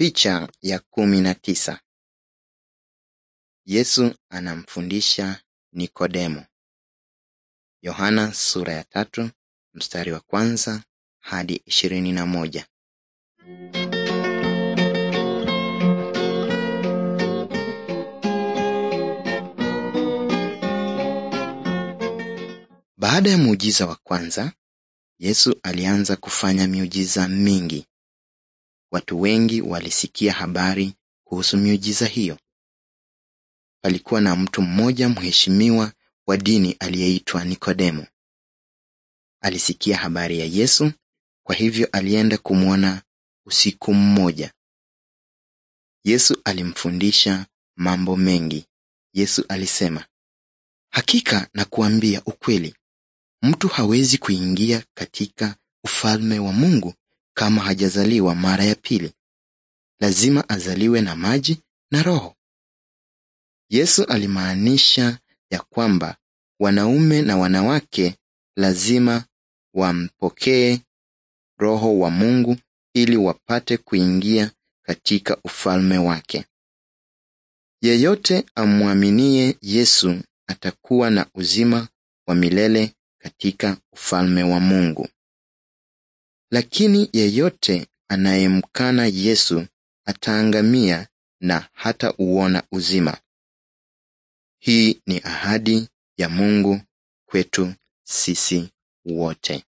Picha ya kumi na tisa. Yesu anamfundisha Nikodemo. Yohana sura ya tatu, mstari wa kwanza hadi ishirini na moja. Baada ya muujiza wa kwanza, Yesu alianza kufanya miujiza mingi Watu wengi walisikia habari kuhusu miujiza hiyo. Palikuwa na mtu mmoja mheshimiwa wa dini aliyeitwa Nikodemo. Alisikia habari ya Yesu, kwa hivyo alienda kumwona usiku mmoja. Yesu alimfundisha mambo mengi. Yesu alisema, "Hakika nakuambia ukweli, mtu hawezi kuingia katika ufalme wa Mungu kama hajazaliwa mara ya pili, lazima azaliwe na maji na Roho. Yesu alimaanisha ya kwamba wanaume na wanawake lazima wampokee Roho wa Mungu ili wapate kuingia katika ufalme wake. Yeyote amwaminie Yesu atakuwa na uzima wa milele katika ufalme wa Mungu. Lakini yeyote anayemkana Yesu ataangamia na hata uona uzima. Hii ni ahadi ya Mungu kwetu sisi wote.